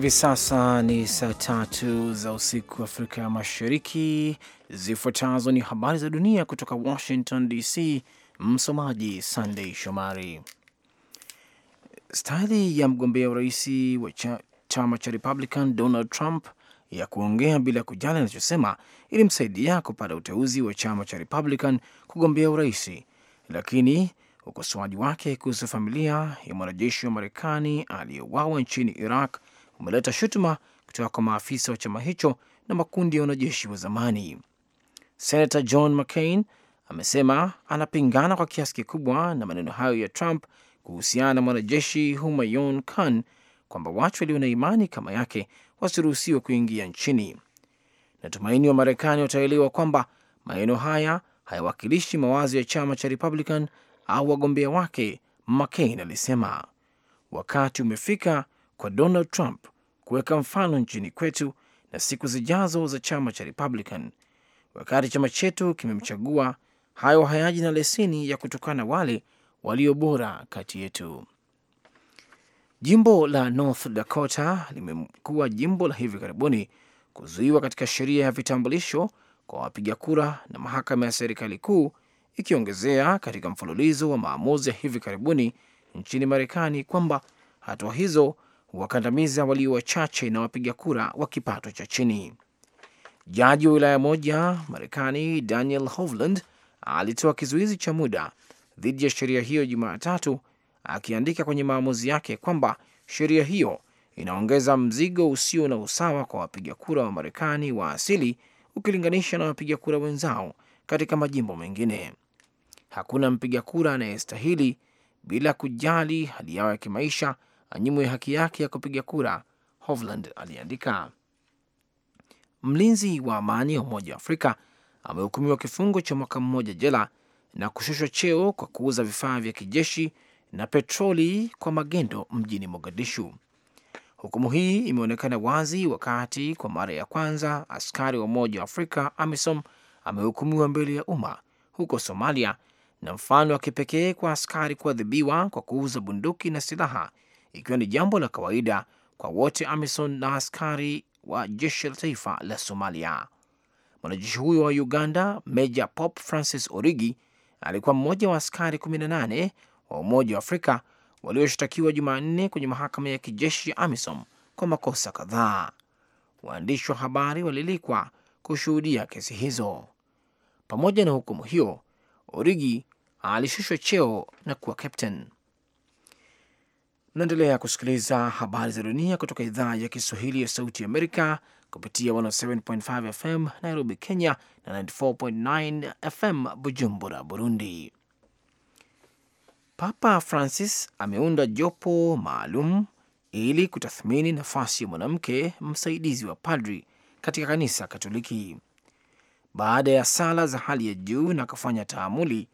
Hivi sasa ni saa tatu za usiku Afrika ya Mashariki. Zifuatazo ni habari za dunia kutoka Washington DC. Msomaji Sandei Shomari. Stahili ya mgombea urais wa chama cha Republican Donald Trump ya kuongea bila kujali anachosema ilimsaidia kupata uteuzi wa chama cha Republican kugombea urais, lakini ukosoaji wake kuhusu familia ya mwanajeshi wa Marekani aliyeuawa nchini Iraq umeleta shutuma kutoka kwa maafisa wa chama hicho na makundi ya wanajeshi wa zamani. Senator John McCain amesema anapingana kwa kiasi kikubwa na maneno hayo ya Trump kuhusiana na mwanajeshi Humayon Khan kwamba watu walio na imani kama yake wasiruhusiwa kuingia nchini. Natumaini wa Marekani wataelewa kwamba maneno haya hayawakilishi mawazo ya chama cha Republican au wagombea wake, McCain alisema. Wakati umefika kwa Donald Trump kuweka mfano nchini kwetu na siku zijazo za chama cha Republican. Wakati chama chetu kimemchagua, hayo hayaji na leseni ya kutokana wale walio bora kati yetu. Jimbo la North Dakota limekuwa jimbo la hivi karibuni kuzuiwa katika sheria ya vitambulisho kwa wapiga kura na mahakama ya serikali kuu, ikiongezea katika mfululizo wa maamuzi ya hivi karibuni nchini Marekani kwamba hatua hizo huwakandamiza walio wachache na wapiga kura wa kipato cha chini. Jaji wa wilaya moja Marekani, Daniel Hovland, alitoa kizuizi cha muda dhidi ya sheria hiyo Jumatatu, akiandika kwenye maamuzi yake kwamba sheria hiyo inaongeza mzigo usio na usawa kwa wapiga kura wa Marekani wa asili ukilinganisha na wapiga kura wenzao katika majimbo mengine. Hakuna mpiga kura anayestahili bila kujali hali yao ya kimaisha anyimwe haki yake ya kupiga kura, Hovland aliandika. Mlinzi wa amani wa Umoja wa Afrika amehukumiwa kifungo cha mwaka mmoja jela na kushushwa cheo kwa kuuza vifaa vya kijeshi na petroli kwa magendo mjini Mogadishu. Hukumu hii imeonekana wazi wakati kwa mara ya kwanza askari wa Umoja wa Afrika AMISOM amehukumiwa mbele ya umma huko Somalia, na mfano wa kipekee kwa askari kuadhibiwa kwa kuuza bunduki na silaha ikiwa ni jambo la kawaida kwa wote AMISON na askari wa jeshi la taifa la Somalia. Mwanajeshi huyo wa Uganda, Meja Pop Francis Origi, alikuwa mmoja wa askari 18 wa Umoja wa Afrika walioshtakiwa Jumanne kwenye mahakama ya kijeshi ya AMISOM kwa makosa kadhaa. Waandishi wa habari walilikwa kushuhudia kesi hizo. Pamoja na hukumu hiyo, Origi alishushwa cheo na kuwa captain. Mnaendelea kusikiliza habari za dunia kutoka idhaa ya Kiswahili ya Sauti Amerika kupitia 107.5 FM Nairobi, Kenya na 94.9 FM Bujumbura, Burundi. Papa Francis ameunda jopo maalum ili kutathmini nafasi ya mwanamke msaidizi wa padri katika kanisa Katoliki. Baada ya sala za hali ya juu na kufanya taamuli,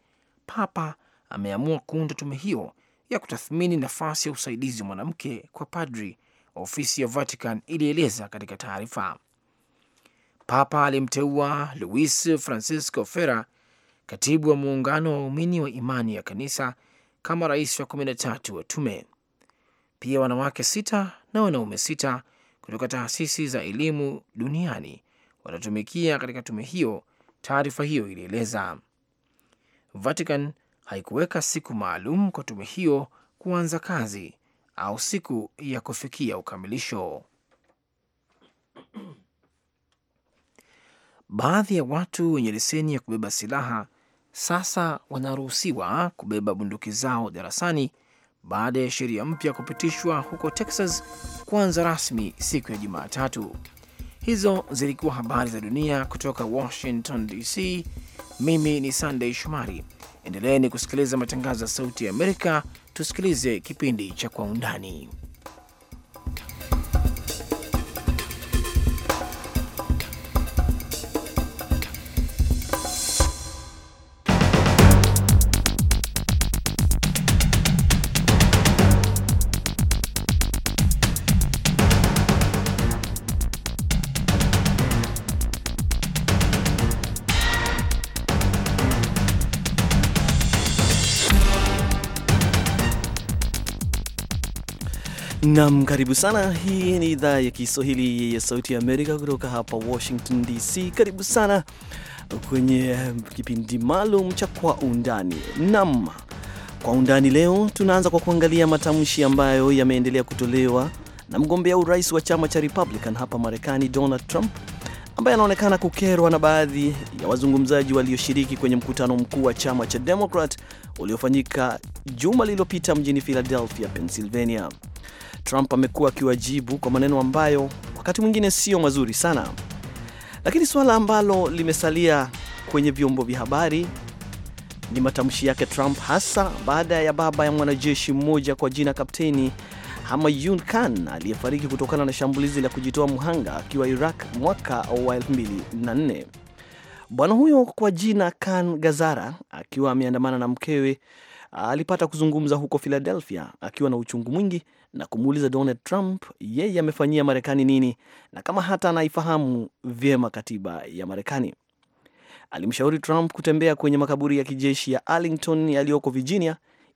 Papa ameamua kuunda tume hiyo ya kutathmini nafasi ya usaidizi wa mwanamke kwa padri, ofisi ya Vatican ilieleza katika taarifa. Papa alimteua Luis Francisco fera katibu wa muungano wa waumini wa imani ya kanisa, kama rais wa 13 wa tume. Pia wanawake sita na wanaume sita kutoka taasisi za elimu duniani watatumikia katika tume hiyo, taarifa hiyo ilieleza. Vatican haikuweka siku maalum kwa tume hiyo kuanza kazi au siku ya kufikia ukamilisho. Baadhi ya watu wenye leseni ya kubeba silaha sasa wanaruhusiwa kubeba bunduki zao darasani baada ya sheria mpya kupitishwa huko Texas kuanza rasmi siku ya Jumatatu. Hizo zilikuwa habari za dunia kutoka Washington DC. Mimi ni sandey Shomari. Endeleeni kusikiliza matangazo ya Sauti ya Amerika, tusikilize kipindi cha Kwa Undani. Nam, karibu sana. Hii ni idhaa ya Kiswahili ya Sauti ya Amerika kutoka hapa Washington DC. Karibu sana kwenye kipindi maalum cha Kwa Undani. Nam, Kwa Undani leo tunaanza kwa kuangalia matamshi ambayo yameendelea kutolewa na mgombea urais wa chama cha Republican hapa Marekani, Donald Trump, ambaye anaonekana kukerwa na baadhi ya wazungumzaji walioshiriki kwenye mkutano mkuu wa chama cha Democrat uliofanyika juma lililopita mjini Philadelphia, Pennsylvania. Trump amekuwa akiwajibu kwa maneno ambayo wakati mwingine sio mazuri sana, lakini suala ambalo limesalia kwenye vyombo vya habari ni matamshi yake Trump, hasa baada ya baba ya mwanajeshi mmoja kwa jina Kapteni Hamayun Khan aliyefariki kutokana na shambulizi la kujitoa mhanga akiwa Iraq mwaka wa 2004. Bwana huyo kwa jina Khan Gazara akiwa ameandamana na mkewe alipata kuzungumza huko Philadelphia akiwa na uchungu mwingi na kumuuliza Donald Trump yeye amefanyia Marekani nini na kama hata anaifahamu vyema katiba ya Marekani. Alimshauri Trump kutembea kwenye makaburi ya kijeshi ya Arlington yaliyoko Virginia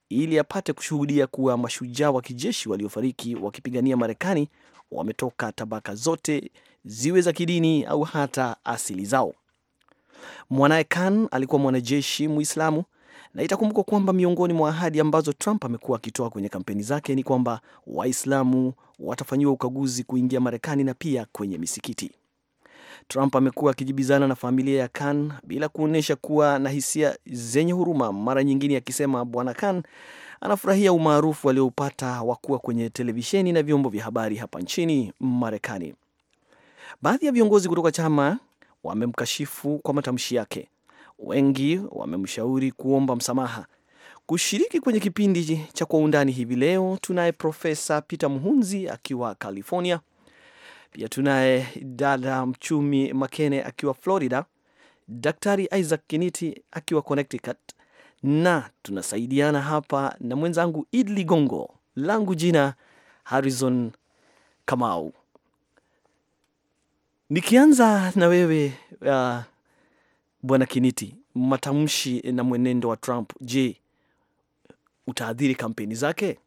ili apate kushuhudia kuwa mashujaa wa kijeshi waliofariki wakipigania Marekani wametoka tabaka zote, ziwe za kidini au hata asili zao. Mwanaye Khan alikuwa mwanajeshi Muislamu na itakumbukwa kwamba miongoni mwa ahadi ambazo Trump amekuwa akitoa kwenye kampeni zake ni kwamba Waislamu watafanyiwa ukaguzi kuingia Marekani na pia kwenye misikiti. Trump amekuwa akijibizana na familia ya Khan bila kuonyesha kuwa na hisia zenye huruma, mara nyingine akisema Bwana Khan anafurahia umaarufu alioupata wa kuwa kwenye televisheni na vyombo vya habari hapa nchini Marekani. Baadhi ya viongozi kutoka chama wamemkashifu kwa matamshi yake, wengi wamemshauri kuomba msamaha. Kushiriki kwenye kipindi cha Kwa Undani hivi leo tunaye Profesa Peter Muhunzi akiwa California, pia tunaye dada mchumi Makene akiwa Florida, Daktari Isaac Kiniti akiwa Connecticut, na tunasaidiana hapa na mwenzangu Id Ligongo. Langu jina Harrison Kamau. Nikianza na wewe uh, Bwana Kiniti, matamshi na mwenendo wa Trump, je, utaathiri kampeni zake?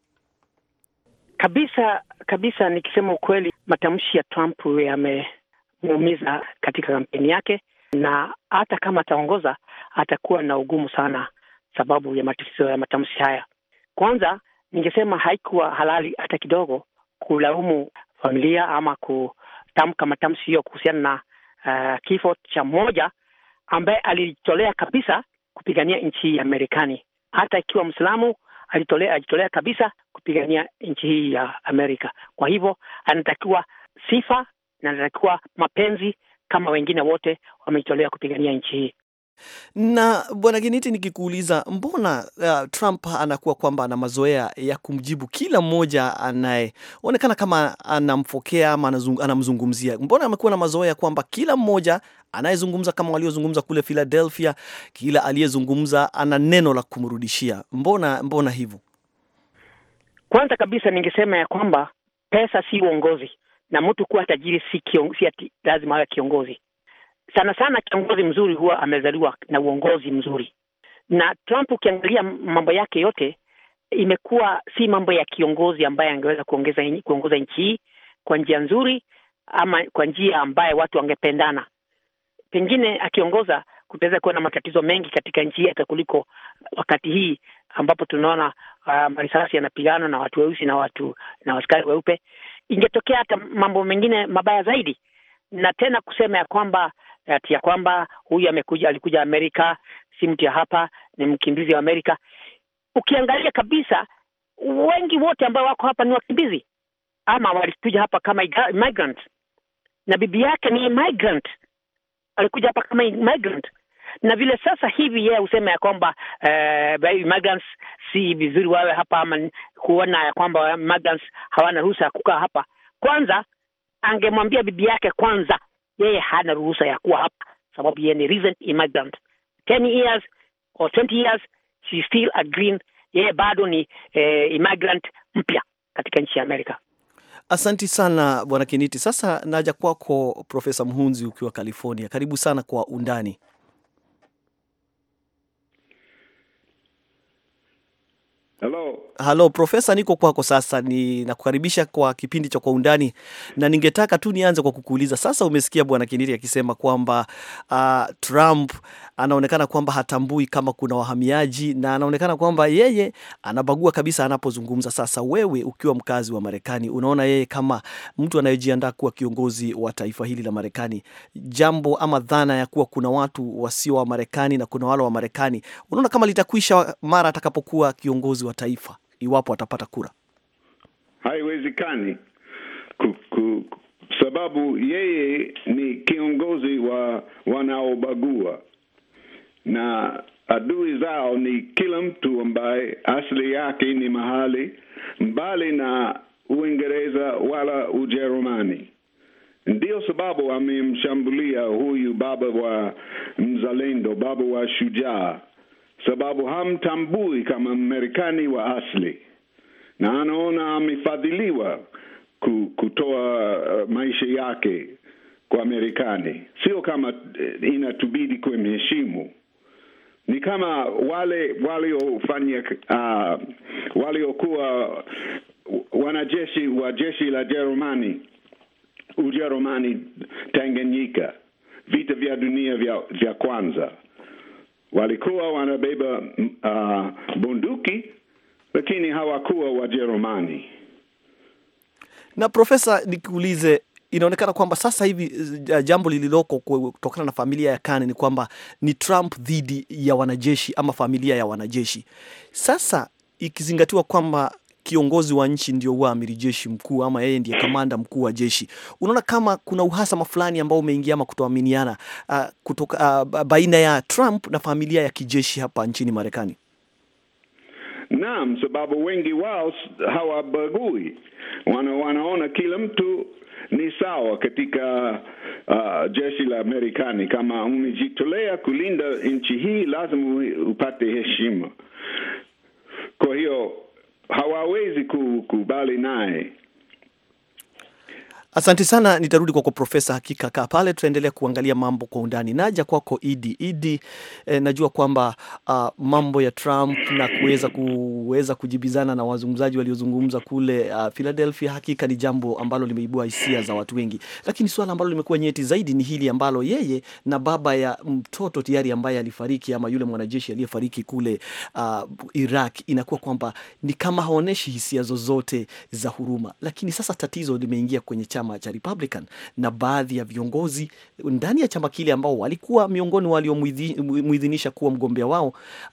Kabisa kabisa, nikisema ukweli, matamshi ya Trump yamemuumiza katika kampeni yake, na hata kama ataongoza atakuwa na ugumu sana sababu ya matatizo ya matamshi haya. Kwanza ningesema haikuwa halali hata kidogo kulaumu familia ama kutamka matamshi hiyo kuhusiana na uh, kifo cha mmoja ambaye alijitolea kabisa kupigania nchi ya Marekani, hata ikiwa Mslamu alitolea ajitolea kabisa kupigania nchi hii ya Amerika. Kwa hivyo anatakiwa sifa na anatakiwa mapenzi kama wengine wote wamejitolea kupigania nchi hii. Na bwana Geniti, nikikuuliza mbona uh, Trump anakuwa kwamba ana mazoea ya kumjibu kila mmoja anayeonekana kama anamfokea ama anamzungumzia, mbona amekuwa na mazoea kwamba kila mmoja anayezungumza kama waliozungumza kule Philadelphia, kila aliyezungumza ana neno la kumrudishia? Mbona mbona hivyo? Kwanza kabisa ningesema ya kwamba pesa si uongozi, na mtu kuwa tajiri si, kion, si ati, lazima awe kiongozi sana sana kiongozi mzuri huwa amezaliwa na uongozi mzuri, na Trump ukiangalia mambo yake yote imekuwa si mambo ya kiongozi ambaye angeweza kuongeza kuongoza nchi hii kwa njia nzuri ama kwa njia ambaye watu wangependana. Pengine akiongoza kutaweza kuwa na matatizo mengi katika nchi hii hata kuliko wakati hii ambapo tunaona uh, marisasi yanapigana na watu weusi na watu na waskari weupe. Ingetokea hata mambo mengine mabaya zaidi, na tena kusema ya kwamba ati ya kwamba huyu amekuja, alikuja Amerika, si mtu ya hapa, ni mkimbizi wa Amerika. Ukiangalia kabisa, wengi wote ambao wako hapa ni wakimbizi ama walikuja hapa kama migrant, na bibi yake ni migrant, alikuja hapa kama migrant na vile sasa hivi yeye husema ya kwamba eh, migrants si vizuri wawe hapa ama kuona ya kwamba migrants hawana ruhusa ya kukaa hapa. Kwanza angemwambia bibi yake kwanza yeye hana ruhusa ya kuwa hapa sababu yeye ni recent immigrant ten years or 20 years she still a green yeye bado ni eh, immigrant mpya katika nchi ya Amerika. Asanti sana Bwana Kiniti. Sasa naja kwako Profesa Mhunzi ukiwa California, karibu sana kwa undani. Hello. halo Profesa, niko kwako sasa, ninakukaribisha kwa kipindi cha Kwa Undani, na ningetaka tu nianze kwa kukuuliza sasa. Umesikia Bwana Kiniri akisema kwamba uh, Trump anaonekana kwamba hatambui kama kuna wahamiaji na anaonekana kwamba yeye anabagua kabisa anapozungumza. Sasa wewe ukiwa mkazi wa Marekani, unaona yeye kama mtu anayejiandaa kuwa kiongozi wa taifa hili la Marekani, jambo ama dhana ya kuwa kuna watu wasio wa Marekani na kuna wale wa Marekani, unaona kama litakwisha mara atakapokuwa kiongozi wa taifa iwapo atapata kura? Haiwezekani sababu yeye ni kiongozi wa wanaobagua na adui zao ni kila mtu ambaye asili yake ni mahali mbali na Uingereza wala Ujerumani. Ndio sababu amemshambulia huyu baba wa mzalendo, baba wa shujaa sababu hamtambui kama Mmarekani wa asili na anaona amefadhiliwa kutoa uh, maisha yake kwa Marekani, sio kama eh, inatubidi kumheshimu. Ni kama wale waliofanya uh, waliokuwa wanajeshi wa jeshi la Jerumani, Ujerumani, Tanganyika, vita vya dunia vya, vya kwanza walikuwa wanabeba uh, bunduki lakini hawakuwa Wajerumani. Na profesa, nikuulize inaonekana kwamba sasa hivi uh, jambo lililoko kutokana na familia ya Kane ni kwamba ni Trump dhidi ya wanajeshi ama familia ya wanajeshi. Sasa ikizingatiwa kwamba kiongozi wa nchi ndio huwa amiri jeshi mkuu ama yeye ndiye kamanda mkuu wa jeshi. Unaona kama kuna uhasama fulani ambao umeingia ama kutoaminiana uh, kutoka uh, baina ya Trump na familia ya kijeshi hapa nchini Marekani? Naam, sababu wengi wao hawabagui, wana, wanaona kila mtu ni sawa katika uh, jeshi la Marekani. Kama umejitolea kulinda nchi hii, lazima upate heshima. Kwa hiyo hawawezi kukubali naye Asante sana, nitarudi kwako Profesa. Hakika kaa pale, tutaendelea kuangalia mambo kwa undani. Naja kwako Idi Idi. E, najua kwamba uh, mambo ya Trump na kuweza kuweza kujibizana na wazungumzaji waliozungumza kule uh, Philadelphia, hakika ni jambo ambalo limeibua hisia za watu wengi, lakini suala ambalo limekuwa nyeti zaidi ni hili ambalo yeye na baba ya mtoto tayari ambaye alifariki ama yule mwanajeshi aliyefariki kule uh, Iraq, inakuwa kwamba ni kama haonyeshi hisia zozote za huruma, lakini sasa tatizo limeingia kwenye chama chama cha Republican na baadhi ya viongozi ndani ya chama kile ambao walikuwa miongoni waliomuidhinisha kuwa mgombea wao,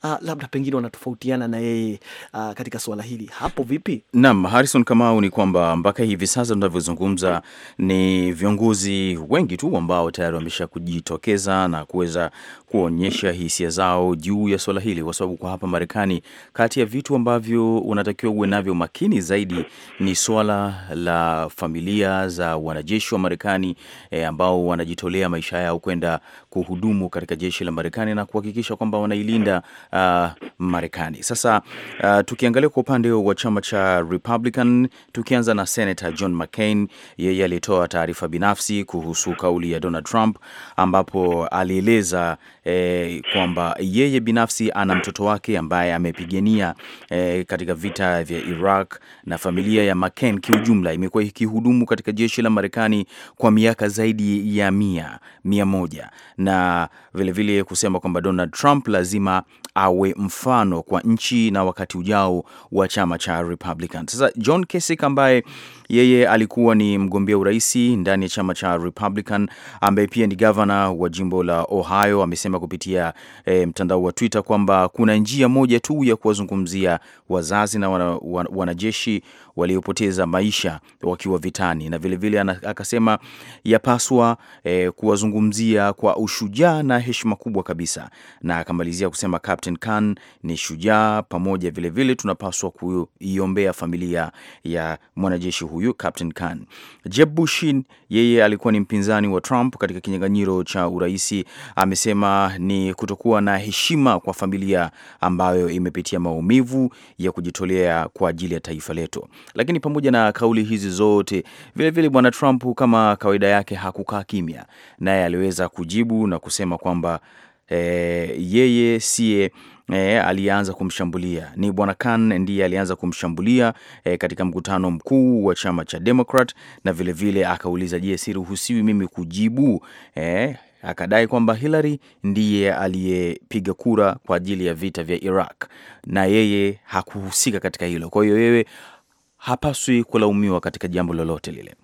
uh, labda pengine wanatofautiana na yeye uh, katika suala hili. Hapo vipi? Naam, Harrison Kamau, ni kwamba mpaka hivi sasa tunavyozungumza ni viongozi wengi tu ambao tayari wamesha kujitokeza na kuweza kuonyesha hisia zao juu ya swala hili, kwa sababu kwa hapa Marekani, kati ya vitu ambavyo unatakiwa uwe navyo makini zaidi ni swala la familia za za wanajeshi wa Marekani e, ambao wanajitolea maisha yao kwenda kuhudumu katika jeshi la Marekani na kuhakikisha kwamba wanailinda uh, Marekani. Sasa uh, tukiangalia kwa upande wa chama cha Republican, tukianza na Senator John McCain, yeye alitoa taarifa binafsi kuhusu kauli ya Donald Trump ambapo alieleza e, kwamba yeye binafsi ana mtoto wake ambaye amepigania e, katika vita vya Iraq na familia ya McCain kiujumla imekuwa ikihudumu katika jeshi la Marekani kwa miaka zaidi ya mia, mia moja na vilevile vile kusema kwamba Donald Trump lazima awe mfano kwa nchi na wakati ujao wa chama cha Republican. Sasa John Kasich ambaye yeye alikuwa ni mgombea uraisi ndani ya chama cha Republican ambaye pia ni gavana wa jimbo la Ohio amesema amesema kupitia e, mtandao wa Twitter kwamba kuna njia moja tu ya kuwazungumzia wazazi na wana, wanajeshi waliopoteza maisha wakiwa vitani, na vilevile vile akasema yapaswa e, kuwazungumzia kwa ushujaa na heshima kubwa kabisa, na akamalizia kusema Captain Khan ni shujaa, pamoja vilevile vile tunapaswa kuiombea familia ya mwanajeshi huyu Captain Khan. Jeb Bushin yeye alikuwa ni mpinzani wa Trump katika kinyang'anyiro cha uraisi, amesema ni kutokuwa na heshima kwa familia ambayo imepitia maumivu ya kujitolea kwa ajili ya taifa letu. Lakini pamoja na kauli hizi zote, vilevile bwana Trump kama kawaida yake hakukaa kimya, naye aliweza kujibu na kusema kwamba e, yeye siye E, eh, alianza kumshambulia ni bwana Khan ndiye alianza kumshambulia e, katika mkutano mkuu wa chama cha Democrat, na vilevile vile akauliza, je, siruhusiwi mimi kujibu e, akadai kwamba Hillary ndiye aliyepiga kura kwa ajili ya vita vya Iraq na yeye hakuhusika katika hilo. Kwa hiyo wewe hapaswi kulaumiwa katika jambo lolote lile.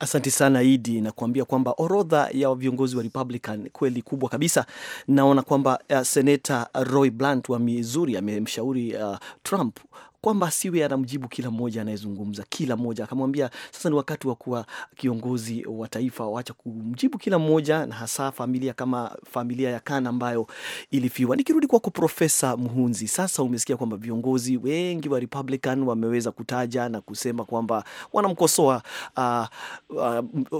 Asante sana Idi, nakuambia kwamba orodha ya viongozi wa Republican kweli kubwa kabisa. Naona kwamba uh, seneta Roy Blunt wa Missouri amemshauri uh, Trump kwamba asiwe anamjibu kila mmoja anayezungumza, kila mmoja akamwambia sasa ni wakati wa kuwa kiongozi wa taifa, waacha kumjibu kila mmoja, na hasa familia kama familia ya Khan ambayo ilifiwa. Nikirudi kwako Profesa Muhunzi, sasa umesikia kwamba viongozi wengi wa Republican wameweza kutaja na kusema kwamba wanamkosoa uh,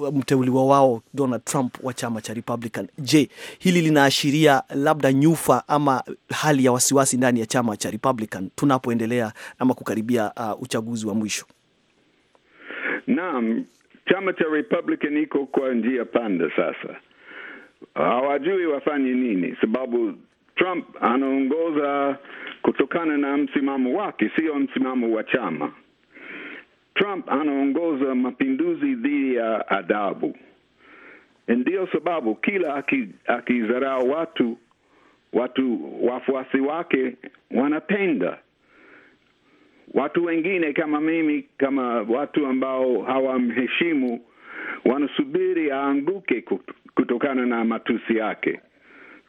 uh, mteuliwa wao Donald Trump wa chama cha Republican. Je, hili linaashiria labda nyufa ama hali ya wasiwasi ndani ya chama cha Republican tunapoendelea ama kukaribia uh, uchaguzi wa mwisho? Naam, chama cha Republican iko kwa njia panda sasa, hawajui wafanye nini, sababu Trump anaongoza kutokana na msimamo wake, sio msimamo wa chama. Trump anaongoza mapinduzi dhidi ya adabu, ndio sababu kila akizarau aki watu watu wafuasi wake wanapenda Watu wengine kama mimi, kama watu ambao hawamheshimu, wanasubiri aanguke kutokana na matusi yake.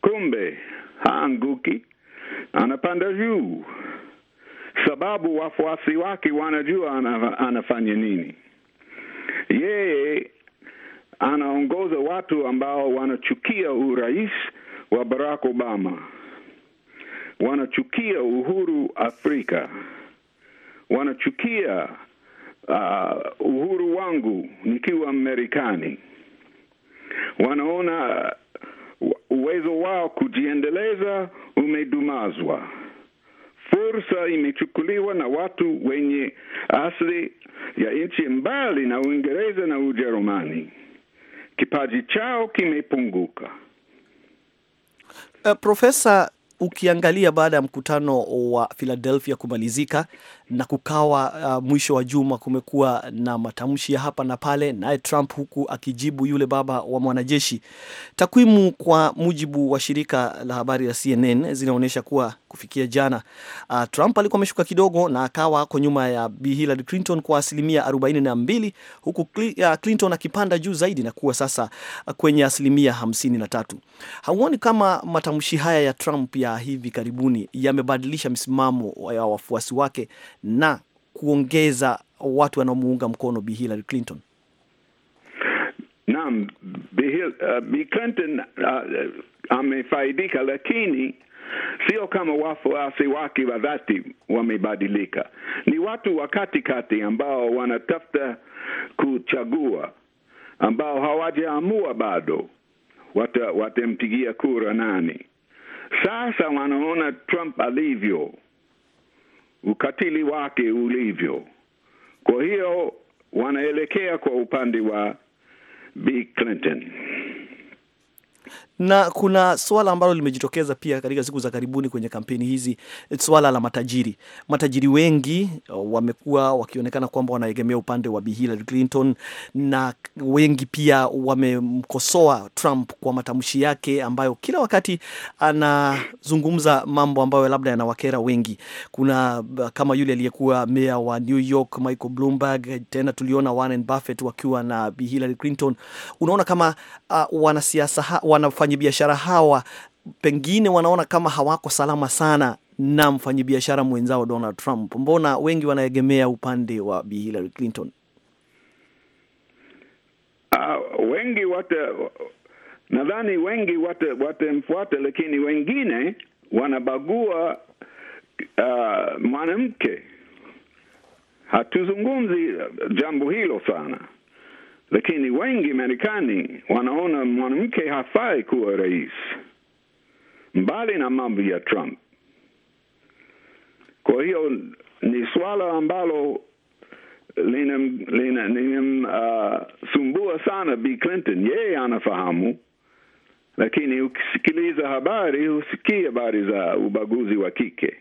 Kumbe haanguki, anapanda juu, sababu wafuasi wake wanajua anafanya nini. Yeye anaongoza watu ambao wanachukia urais wa Barack Obama, wanachukia uhuru Afrika wanachukia uh, uhuru wangu nikiwa Mmarekani, wanaona uh, uwezo wao kujiendeleza umedumazwa. Fursa imechukuliwa na watu wenye asili ya nchi mbali na Uingereza na Ujerumani. Kipaji chao kimepunguka. Uh, Profesa, ukiangalia baada ya mkutano wa Philadelphia kumalizika, na kukawa uh, mwisho wa juma kumekuwa na matamshi ya hapa na pale, naye Trump huku akijibu yule baba wa mwanajeshi. Takwimu kwa mujibu wa shirika la habari la CNN zinaonyesha kuwa kufikia jana, uh, Trump alikuwa ameshuka kidogo na akawa ako nyuma ya Bi Hillary Clinton kwa asilimia 42 huku ah, Clinton akipanda juu zaidi na kuwa sasa kwenye asilimia 53. Hauoni kama matamshi haya ya Trump ya hivi karibuni yamebadilisha msimamo wa wafuasi wake na kuongeza watu wanaomuunga mkono Bi Hillary Clinton? Naam, uh, Bi Clinton uh, amefaidika, lakini sio kama wafuasi wake wa dhati wamebadilika. Ni watu wa katikati ambao wanatafuta kuchagua, ambao hawajaamua bado watampigia kura nani. Sasa wanaona Trump alivyo ukatili wake ulivyo. Kwa hiyo wanaelekea kwa upande wa B. Clinton na kuna swala ambalo limejitokeza pia katika siku za karibuni kwenye kampeni hizi, eh, swala la matajiri. Matajiri wengi eh, wamekuwa wakionekana kwamba wanaegemea upande wa Bi Hillary Clinton, na wengi pia wamemkosoa Trump kwa matamshi yake ambayo kila wakati anazungumza mambo ambayo labda yanawakera wengi. Kuna eh, kama yule aliyekuwa meya wa New York Michael Bloomberg, tena tuliona Warren Buffett wakiwa na Bi Hillary Clinton. Unaona kama uh, wanasiasa wanafanya wafanyabiashara hawa pengine wanaona kama hawako salama sana na mfanyabiashara mwenzao Donald Trump? Mbona wengi wanaegemea upande wa Bi Hillary Clinton? Uh, wengi wate, nadhani wengi watemfuate lakini wengine wanabagua uh, mwanamke. Hatuzungumzi jambo hilo sana. Lakini wengi Marekani wanaona mwanamke hafai kuwa rais, mbali na mambo ya Trump. Kwa hiyo ni swala ambalo linamsumbua uh, sana Bi Clinton. Yeye anafahamu, lakini ukisikiliza habari husikii habari za ubaguzi wa kike.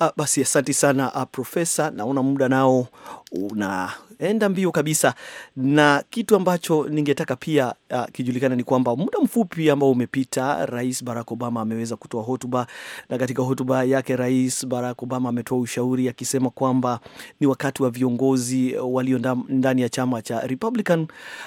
Ah, basi asanti sana ah, Profesa, naona muda nao una enda mbio kabisa, na kitu ambacho ningetaka pia uh, kijulikana ni kwamba muda mfupi ambao umepita, Rais Barack Obama ameweza kutoa hotuba, na katika hotuba yake Rais Barack Obama ametoa ushauri akisema kwamba ni wakati wa viongozi walio ndani ya chama cha Republican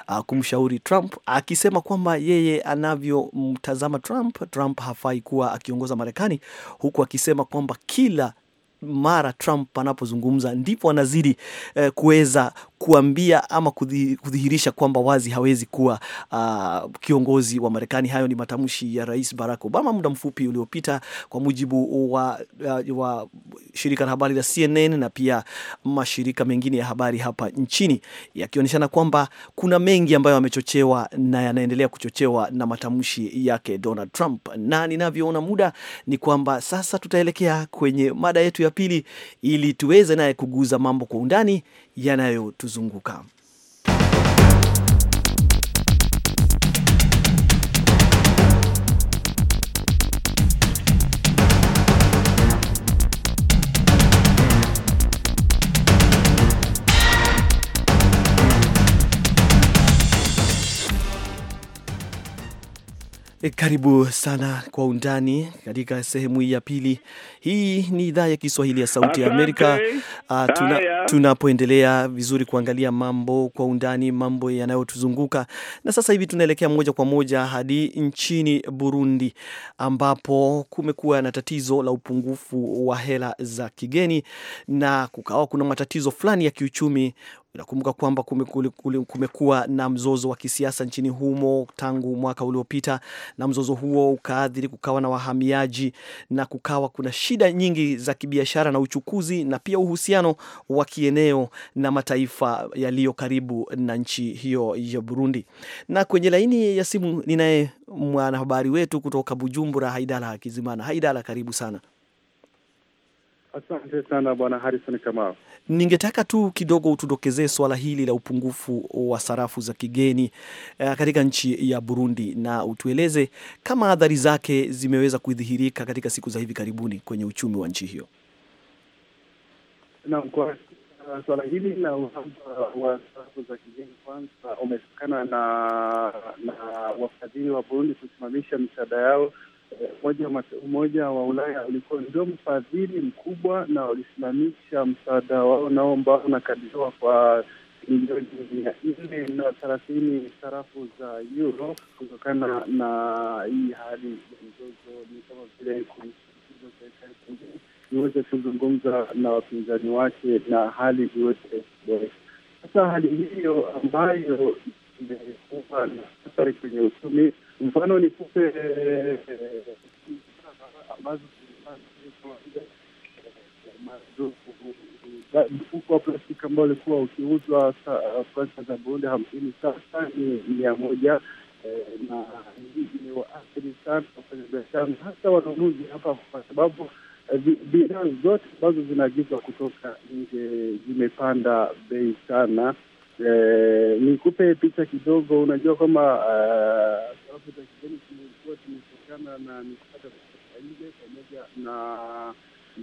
uh, kumshauri Trump akisema kwamba yeye anavyomtazama Trump, Trump hafai kuwa akiongoza Marekani, huku akisema kwamba kila mara Trump anapozungumza ndipo anazidi eh, kuweza kuambia ama kudhihirisha kwamba wazi hawezi kuwa uh, kiongozi wa Marekani. Hayo ni matamshi ya Rais Barack Obama muda mfupi uliopita, kwa mujibu wa, wa, ah, wa shirika la habari la CNN na pia mashirika mengine ya habari hapa nchini yakionyeshana kwamba kuna mengi ambayo yamechochewa na yanaendelea kuchochewa na matamshi yake Donald Trump. Na ninavyoona muda ni kwamba sasa tutaelekea kwenye mada yetu ya pili, ili tuweze naye kuguza mambo kwa undani yanayotuzunguka. E, karibu sana kwa undani katika sehemu hii ya pili. Hii ni idhaa ya Kiswahili ya Sauti ya Amerika. Uh, tuna, tunapoendelea vizuri kuangalia mambo kwa undani, mambo yanayotuzunguka na sasa hivi tunaelekea moja kwa moja hadi nchini Burundi ambapo kumekuwa na tatizo la upungufu wa hela za kigeni na kukawa kuna matatizo fulani ya kiuchumi Unakumbuka kwamba kumekuwa na mzozo wa kisiasa nchini humo tangu mwaka uliopita, na mzozo huo ukaathiri, kukawa na wahamiaji na kukawa kuna shida nyingi za kibiashara na uchukuzi, na pia uhusiano wa kieneo na mataifa yaliyo karibu na nchi hiyo ya Burundi. Na kwenye laini ya simu ninaye mwanahabari wetu kutoka Bujumbura, Haidala Hakizimana. Haidala, karibu sana. Asante sana bwana harison Kamau. Ningetaka tu kidogo utudokezee swala hili la upungufu wa sarafu za kigeni uh, katika nchi ya Burundi na utueleze kama athari zake zimeweza kudhihirika katika siku za hivi karibuni kwenye uchumi wa nchi hiyo. Naam, kwa uh, swala hili la uhaba wa sarafu za kigeni kwanza umetokana na, na wafadhili wa Burundi kusimamisha misaada yao Umoja wa Ulaya ulikuwa ndio mfadhili mkubwa na ulisimamisha msaada wao nao ambao unakadiriwa kwa milioni mia nne na thelathini sarafu za euro kutokana na hii hali ya mzozo. Ni kama vile iweze kuzungumza na wapinzani wake na hali iweze kuboreka. Sasa hali hiyo ambayo imekuwa na athari kwenye uchumi mfano ni kupe ambazo mfuko wa plastiki ambao ulikuwa ukiuzwa franka za burundi hamsini sasa ni mia moja eh, na hii imewaathiri sana wafanyabiashara na hata wanunuzi hapa, kwa sababu eh, bidhaa zote ambazo zinaagizwa kutoka nje zimepanda bei sana eh, nikupe picha kidogo. Unajua kwamba eh, sababu uh, na misaada kutoka nje pamoja na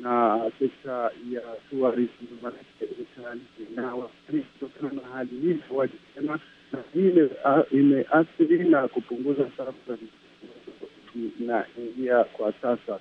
na sekta ya tourism, na kutokana na hali hii na hii imeathiri na kupunguza sarafu za na ingia kwa sasa,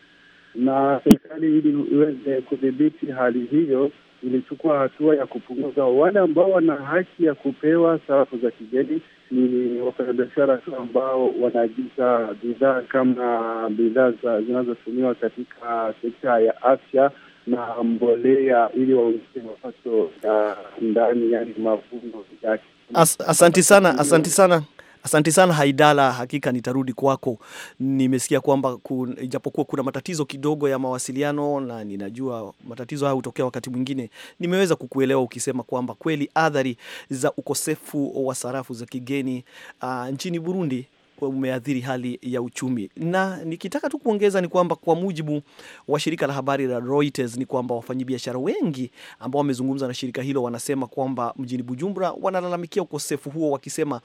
na serikali ili iweze kudhibiti hali hiyo ilichukua hatua ya kupunguza. Wale ambao wana haki ya kupewa sarafu za kigeni ni wafanyabiashara tu ambao wanaagiza bidhaa kama bidhaa zinazotumiwa katika sekta ya afya na mbolea ili waongeze mapato ya ndani, yani mavuno yake. As, asanti sana, asanti sana. Asante sana Haidala, hakika nitarudi kwako. Nimesikia kwamba ijapokuwa kuna matatizo kidogo ya mawasiliano na ninajua matatizo haya hutokea wakati mwingine, nimeweza kukuelewa ukisema kwamba kweli athari za ukosefu wa sarafu za kigeni uh, nchini Burundi umeathiri hali ya uchumi. Na nikitaka tu kuongeza ni kwamba kwa mujibu wa shirika la habari la Reuters ni kwamba wafanyabiashara wengi ambao wamezungumza na shirika hilo wanasema kwamba mjini Bujumbura wanalalamikia ukosefu huo, wakisema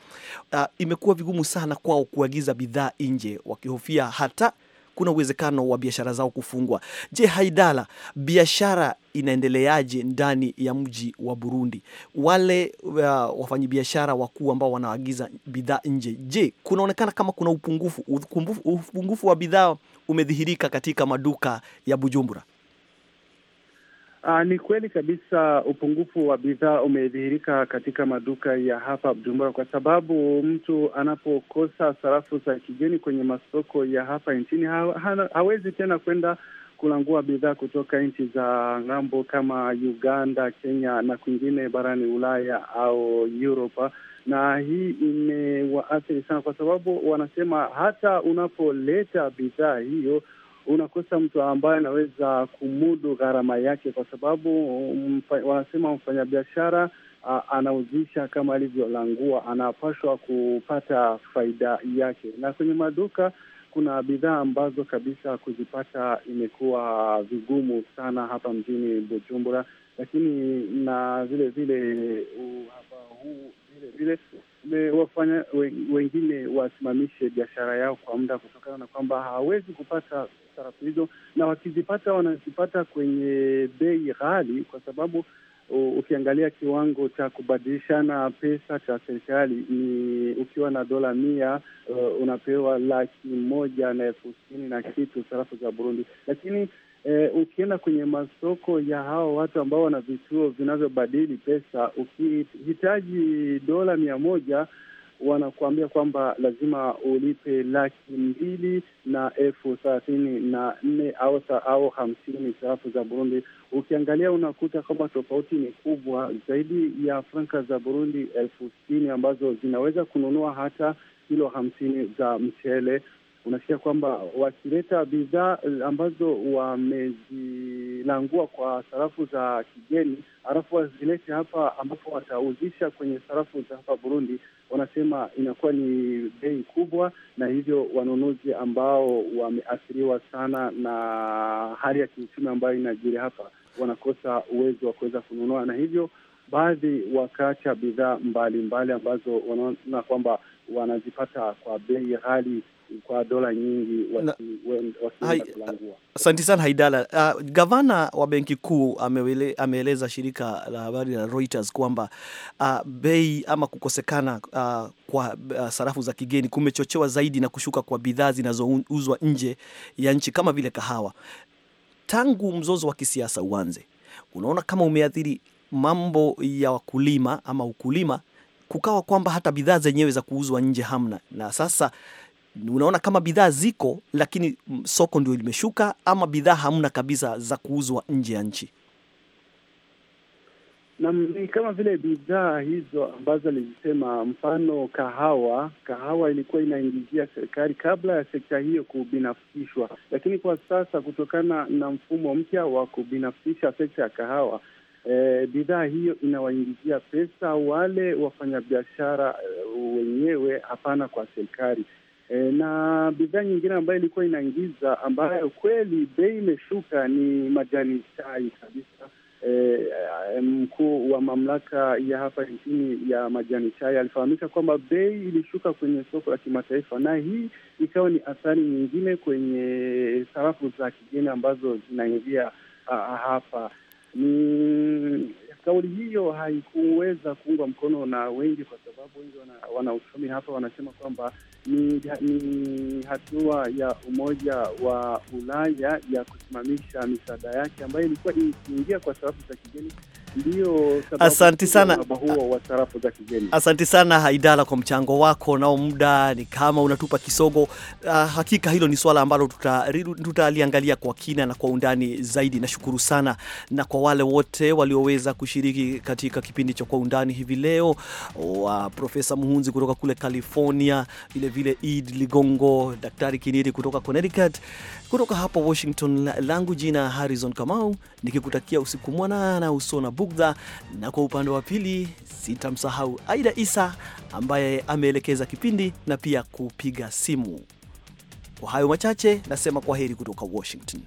uh, imekuwa vigumu sana kwao kuagiza bidhaa nje, wakihofia hata kuna uwezekano wa biashara zao kufungwa. Je, Haidala, biashara inaendeleaje ndani ya mji wa Burundi? Wale uh, wafanyabiashara wakuu ambao wanaagiza bidhaa nje, je, kunaonekana kama kuna upungufu upungufu, upungufu wa bidhaa umedhihirika katika maduka ya Bujumbura? Uh, ni kweli kabisa upungufu wa bidhaa umedhihirika katika maduka ya hapa Bujumbura, kwa sababu mtu anapokosa sarafu za kigeni kwenye masoko ya hapa nchini ha, ha, hawezi tena kwenda kulangua bidhaa kutoka nchi za ng'ambo kama Uganda, Kenya na kwingine barani Ulaya au Europa, na hii imewaathiri sana, kwa sababu wanasema hata unapoleta bidhaa hiyo unakosa mtu ambaye anaweza kumudu gharama yake, kwa sababu mfa, wanasema mfanyabiashara anauzisha kama alivyolangua, anapashwa kupata faida yake. Na kwenye maduka kuna bidhaa ambazo kabisa kuzipata imekuwa vigumu sana hapa mjini Bujumbura, lakini na vile vile huu vile vile wafanya wengine wasimamishe biashara yao kwa muda kutokana na kwamba hawawezi kupata sarafu hizo, na wakizipata wanazipata kwenye bei ghali, kwa sababu ukiangalia kiwango cha kubadilishana pesa cha serikali ni ukiwa na dola mia uh, unapewa laki moja na elfu sitini na kitu sarafu za Burundi, lakini E, ukienda kwenye masoko ya hao watu ambao wana vituo vinavyobadili pesa, ukihitaji dola mia moja wanakuambia kwamba lazima ulipe laki mbili na elfu thelathini na nne au au hamsini sarafu za Burundi. Ukiangalia unakuta kwamba tofauti ni kubwa zaidi ya franka za Burundi elfu sitini ambazo zinaweza kununua hata kilo hamsini za mchele unasikia kwamba wakileta bidhaa eh, ambazo wamezilangua kwa sarafu za kigeni, halafu wazilete hapa ambapo watauzisha kwenye sarafu za hapa Burundi, wanasema inakuwa ni bei kubwa, na hivyo wanunuzi ambao wameathiriwa sana na hali ya kiuchumi ambayo inajiri hapa wanakosa uwezo wa kuweza kununua, na hivyo baadhi wakaacha bidhaa mbalimbali ambazo wanaona kwamba wanazipata kwa bei ghali kwa dola nyingi wakikulangua. Asante sana Haidala. Uh, gavana wa benki kuu ameeleza shirika la habari la Reuters kwamba uh, bei ama kukosekana uh, kwa uh, sarafu za kigeni kumechochewa zaidi na kushuka kwa bidhaa zinazouzwa nje ya nchi kama vile kahawa tangu mzozo wa kisiasa uanze. Unaona kama umeathiri mambo ya wakulima ama ukulima, kukawa kwamba hata bidhaa zenyewe za kuuzwa nje hamna, na sasa unaona kama bidhaa ziko lakini soko ndio limeshuka, ama bidhaa hamna kabisa za kuuzwa nje ya nchi? nam ni kama vile bidhaa hizo ambazo alizisema, mfano kahawa. Kahawa ilikuwa inaingizia serikali kabla ya sekta hiyo kubinafsishwa, lakini kwa sasa kutokana na mfumo mpya wa kubinafsisha sekta ya kahawa E, bidhaa hiyo inawaingizia pesa wale wafanyabiashara e, wenyewe, hapana kwa serikali e, na bidhaa nyingine ambayo ilikuwa inaingiza ambayo kweli bei imeshuka ni majani chai kabisa. E, e, mkuu wa mamlaka ya hapa nchini ya majani chai alifahamika kwamba bei ilishuka kwenye soko la kimataifa, na hii ikawa ni athari nyingine kwenye sarafu za kigeni ambazo zinaingia hapa. Ni kauli hiyo haikuweza kuungwa mkono na wengi, kwa sababu wengi hapa wanasema kwamba ni, ni hatua ya Umoja wa Ulaya ya kusimamisha misaada yake ambayo ilikuwa ikiingia kwa sababu za kigeni Ndiyo, asanti sana, asanti sana Haidala kwa mchango wako. Nao muda ni kama unatupa kisogo. Uh, hakika hilo ni swala ambalo tutaliangalia tuta kwa kina na kwa undani zaidi. Nashukuru sana, na kwa wale wote walioweza kushiriki katika kipindi cha kwa undani hivi leo, wa Profesa Muhunzi kutoka kule California, vilevile Ed Ligongo, Daktari Kiniri kutoka Connecticut, kutoka hapa Washington, langu jina Harrison Kamau nikikutakia usiku mwanana usona Bugdha, na kwa upande wa pili sitamsahau Aida Isa ambaye ameelekeza kipindi na pia kupiga simu. Kwa hayo machache nasema kwa heri kutoka Washington.